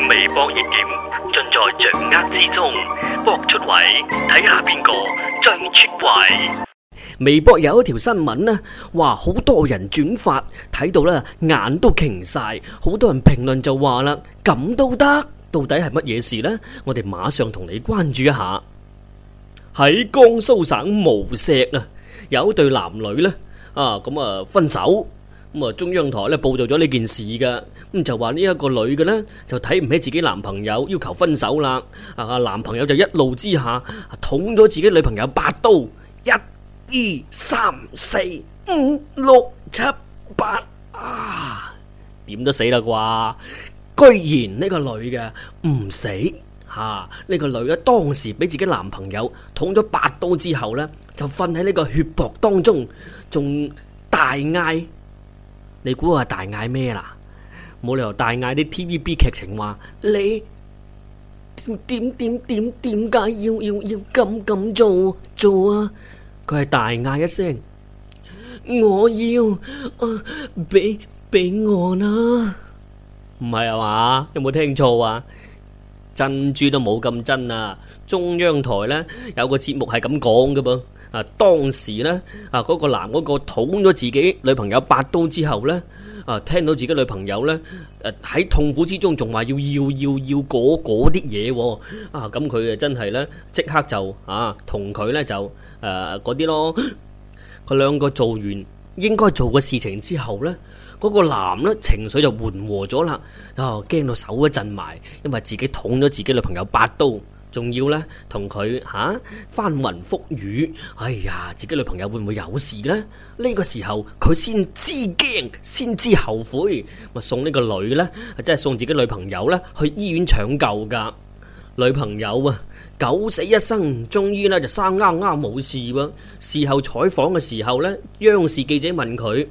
.微博熱點盡在掌握之中，博出位，睇下邊個最出位。微博有一條新聞呢，哇，好多人轉發，睇到呢，眼都瓊晒。好多人評論就話啦，咁都得？到底係乜嘢事呢？我哋馬上同你關注一下。喺江蘇省無錫啊，有一對男女呢，啊，咁啊分手。咁啊！中央台咧報道咗呢件事噶，咁就話呢一個女嘅，咧就睇唔起自己男朋友，要求分手啦。啊！男朋友就一怒之下捅咗自己女朋友八刀，一、二、三、四、五、六、七、八，啊！點都死啦啩？居然呢個女嘅唔死吓，呢、啊呢個女咧當時俾自己男朋友捅咗八刀之後呢就瞓喺呢個血泊當中，仲大嗌。你估下大嗌咩啦？冇理由大嗌啲 TVB 劇情話你點點點點點解要要要咁咁做做啊？佢係大嗌一聲，我要俾俾、啊、我啦！唔係啊嘛？有冇聽錯啊？珍珠都冇咁真啊，中央台咧有個節目係咁講嘅噃，啊當時咧啊嗰個男嗰個捅咗自己女朋友八刀之後咧，啊聽到自己女朋友咧誒喺痛苦之中仲話要要要要嗰嗰啲嘢，啊咁佢啊真係咧即刻就啊同佢咧就誒嗰啲咯，佢兩個做完應該做嘅事情之後咧。嗰個男咧情緒就緩和咗啦，哦驚到手都震埋，因為自己捅咗自己女朋友八刀，仲要咧同佢嚇翻雲覆雨，哎呀自己女朋友會唔會有事咧？呢、呢個時候佢先知驚，先知後悔，咪送呢個女咧，即係送自己女朋友咧去醫院搶救噶女朋友啊！九死一生，終於呢就生啱啱冇事喎。事後採訪嘅時候呢，央視記者問佢、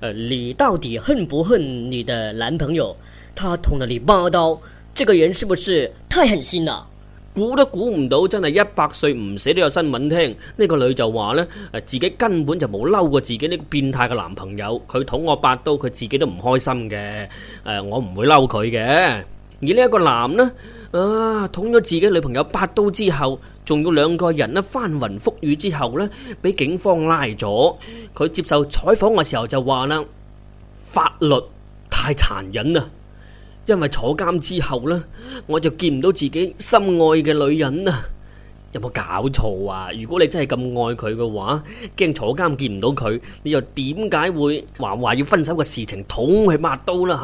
呃，你到底恨不恨你的男朋友？他捅咗你八刀，這個人是不是太狠心啦？估都估唔到，真係一百歲唔死都有新聞聽。呢、這個女就話呢，自己根本就冇嬲過自己呢個變態嘅男朋友，佢捅我八刀，佢自己都唔開心嘅、呃。我唔會嬲佢嘅。而呢一個男呢？啊！捅咗自己女朋友八刀之後，仲要兩個人咧翻雲覆雨之後呢，俾警方拉咗。佢接受採訪嘅時候就話啦：法律太殘忍啦，因為坐監之後呢，我就見唔到自己心愛嘅女人啦。有冇搞錯啊？如果你真係咁愛佢嘅話，驚坐監見唔到佢，你又點解會還話，要分手嘅事情捅佢抹刀啦？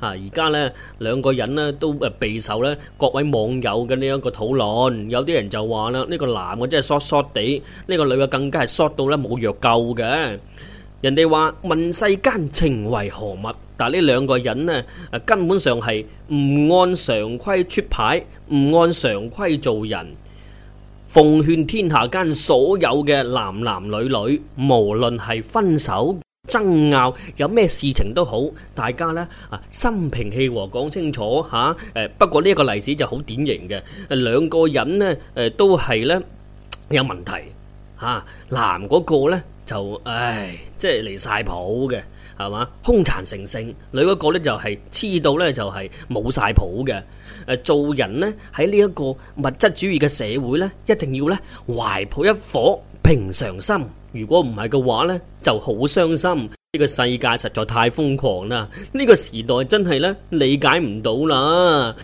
吓啊！而家呢，兩個人呢都誒備受咧各位網友嘅呢一個討論，有啲人就話啦，呢個男嘅真係 short short 哋，呢個女嘅更加係 short 到咧冇藥救嘅。人哋話，問世間情為何物，但係呢兩個人呢，根本上係唔按常規出牌，唔按常規做人。奉勸天下間所有嘅男男女女，無論係分手、爭拗，有咩事情都好，大家呢啊，心平氣和講清楚吓。誒、啊，不過呢個例子就好典型嘅，兩個人呢誒都係咧有問題吓、啊，男嗰個咧。就唉，即係離晒譜嘅，係嘛，兇殘成性。另一個呢、就係，就係黐到呢，就係冇晒譜嘅。做人呢，喺呢一個物質主義嘅社會呢，一定要呢懷抱一顆平常心。如果唔係嘅話呢，就好傷心。呢、這個世界實在太瘋狂啦！呢、這個時代真係呢，理解唔到啦。